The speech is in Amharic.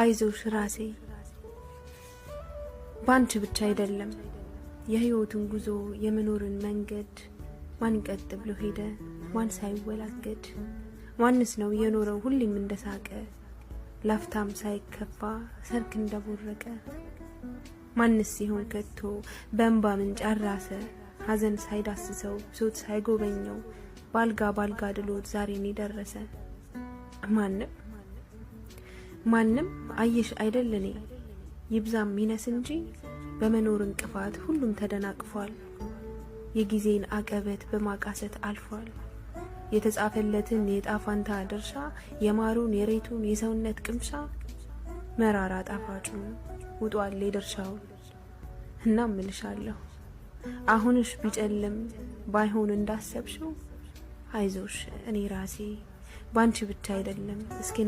አይዞሽ ራሴ ባንቺ ብቻ አይደለም የህይወትን ጉዞ የመኖርን መንገድ ማን ቀጥ ብሎ ሄደ? ማን ሳይወላገድ? ማንስ ነው የኖረው ሁሌም እንደሳቀ ላፍታም ሳይከፋ ሰርክ እንደቦረቀ? ማንስ ሲሆን ከቶ በእንባ ምንጭ አራሰ ሀዘን ሳይዳስሰው ሶት ሳይጎበኘው ባልጋ ባልጋ ድሎት ዛሬን የደረሰ ማንም ማንም አየሽ አይደለኔ ይብዛም ይነስ እንጂ በመኖር እንቅፋት ሁሉም ተደናቅፏል። የጊዜን አቀበት በማቃሰት አልፏል። የተጻፈለትን የጣፋንታ ድርሻ የማሩን የሬቱን የሰውነት ቅምሻ መራራ ጣፋጩ ውጧል የድርሻውን እና እምልሻለሁ አሁንሽ ቢጨልም ባይሆን እንዳሰብሽው አይዞሽ እኔ ራሴ ባንቺ ብቻ አይደለም እስኪ